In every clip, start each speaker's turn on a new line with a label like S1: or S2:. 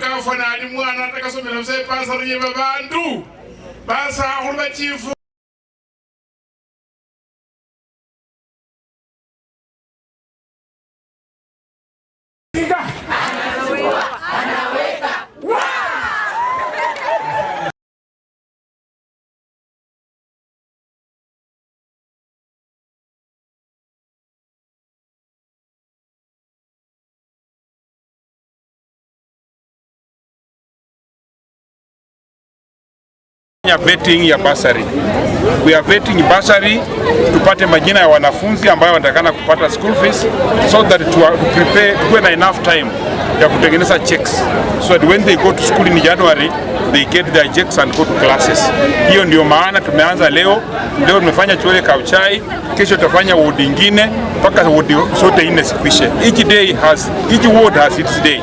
S1: nawe kafwana ali mwana atakasomela musai basa linyeva bandu basa akhulu bachifu Ya vetting ya basari. We are vetting basari tupate majina ya wanafunzi ambayo wanatakana kupata school fees so that to uh, prepare tuwe na enough time ya kutengeneza checks so that when they go to school in January they get their jacks and go to classes. Hiyo ndio maana tumeanza leo. Leo tumefanya Chwele Kauchai, kesho tutafanya ward nyingine mpaka ward zote nne zikwishe. Each day has each ward has its day.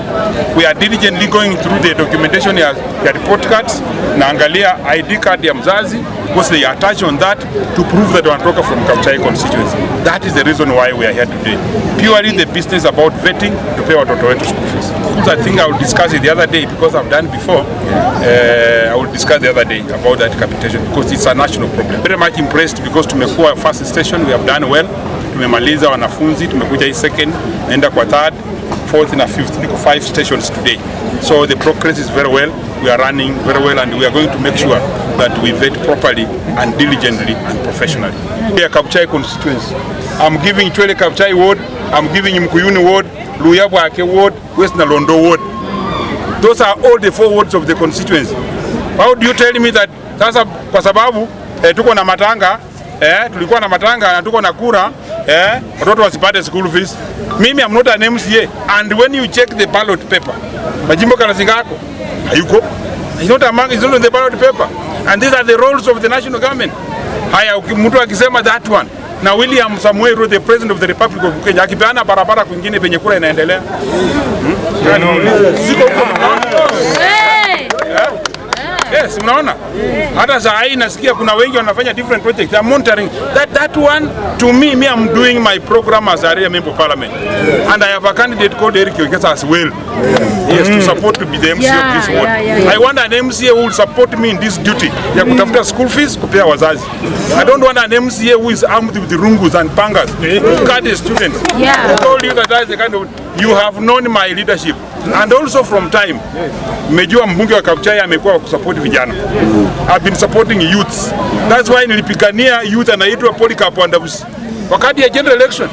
S1: We are diligently going through the documentation ya, ya report cards na angalia ID card ya mzazi because they attach on that to prove that wanatoka from Kauchai constituency. That is the reason why we are here today. Purely the business about vetting, to pay watoto wetu school fees. I think I will discuss it the other day because I've done before. Yeah. Uh, uh, I will discuss the other day about that capitation because it's a national problem. Very much impressed because tumekuwa first station, we have done well. Tumemaliza wanafunzi, tumekuja hii second, naenda kwa third, fourth na fifth. Niko five stations today. So the progress is very well. We are running very well and we are going to make sure that we vet properly and diligently and professionally. Here Kabuchai constituency. I'm giving Chwele Kabuchai ward, I'm giving Mkuyuni ward, Luyabwake ward, West Nalondo ward. Those are all the four words of the constituency. How do you tell me that sasa kwa sababu eh, tuko na matanga eh, tulikuwa na matanga na tuko na kura eh, watoto wasipate school fees. Mimi I'm not an MCA and when you check the ballot paper, Majimbo Kalasinga yako hayuko. It's not among, it's not on the ballot paper. And these are the roles of the national government. Haya, mtu akisema that one na William Samuel Ruto the president of the Republic of Kenya akipeana barabara kwingine penye kura inaendelea
S2: hmm?
S1: Yes, mnaona hata saa hii nasikia kuna wengi wanafanya different projects. I'm monitoring that that one to me me I'm doing my program as area member of parliament and I have a candidate called Eric Wekesa as well. Yes, to support to be the MCA of this ward. I want an MCA who will support me in this duty ya kutafuta school fees kupea wazazi. I don't want an MCA who is armed with rungus and pangas to cut the students. Yeah. I told you that that's the kind of you have known my leadership and also from time mmejua mbunge wa Kabuchai amekuwa kusupport vijana. I've been supporting youths. That's why nilipigania youth anaitwa Polycarp Wandabusi wakati ya general election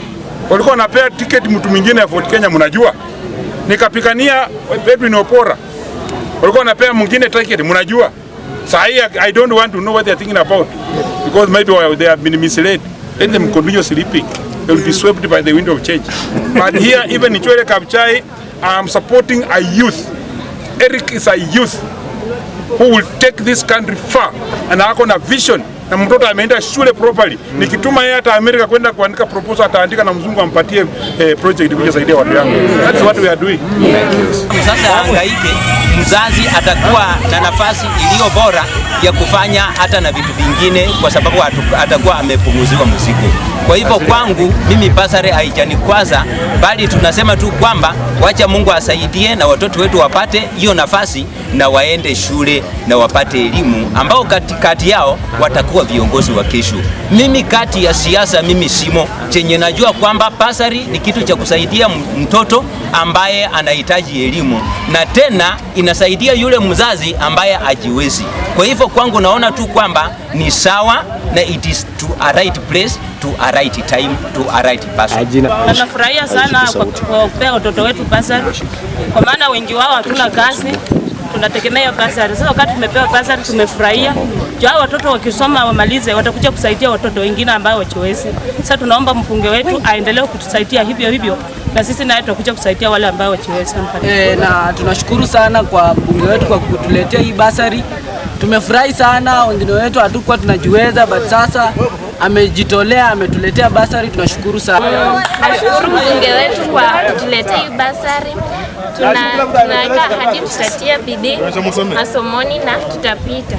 S1: walikuwa wanapea ticket mtu mwingine ya Ford Kenya, mnajua. Nikapigania Edwin Opora walikuwa wanapea mwingine ticket mnajua. sahi I don't want to know what they are thinking about because maybe they have been misled. Let them continue sleeping they will be swept by the wind of change. But here, even in Chwele Kabuchai, I'm supporting a youth. Eric is a youth who will take this country far and ako na vision na mtoto ameenda shule properly. Mm. Nikituma yeye hata America kwenda kuandika proposal ataandika na mzungu ampatie eh, project ili saidia watu yangu. That's what we are doing.
S3: Sasa angaike mzazi atakuwa na nafasi iliyo bora ya kufanya hata na vitu vingine kwa sababu atakuwa amepunguziwa mzigo. Kwa hivyo kwangu mimi basari haijanikwaza, bali tunasema tu kwamba wacha Mungu asaidie na watoto wetu wapate hiyo nafasi na waende shule na wapate elimu, ambao katikati yao watakuwa viongozi wa kesho. Mimi kati ya siasa mimi simo, chenye najua kwamba basari ni kitu cha kusaidia mtoto ambaye anahitaji elimu, na tena inasaidia yule mzazi ambaye ajiwezi. Kwa hivyo kwangu naona tu kwamba ni sawa na it is to a right place to a right time to a right person.
S4: Nafurahia sana kwa kupea watoto wetu basari, kwa maana wengi wao hatuna kazi, tunategemea basari. Sasa wakati tumepewa basari tumefurahia jua watoto wakisoma wamalize watakuja kusaidia watoto wengine ambao wachoezi. Sasa tunaomba mbunge wetu aendelee kutusaidia hivyo hivyo, na sisi naye tutakuja kusaidia wale ambao wachoezi.
S5: E, eh, na tunashukuru sana kwa mbunge wetu kwa kutuletea hii basari. Tumefurahi sana, wengine wetu hatukuwa tunajiweza, but sasa amejitolea, ametuletea basari, tunashukuru sana.
S6: Nashukuru mbunge wetu kwa kutuletea hii basari. Tunaweka tuna hadi tutatia bidii masomoni na tutapita.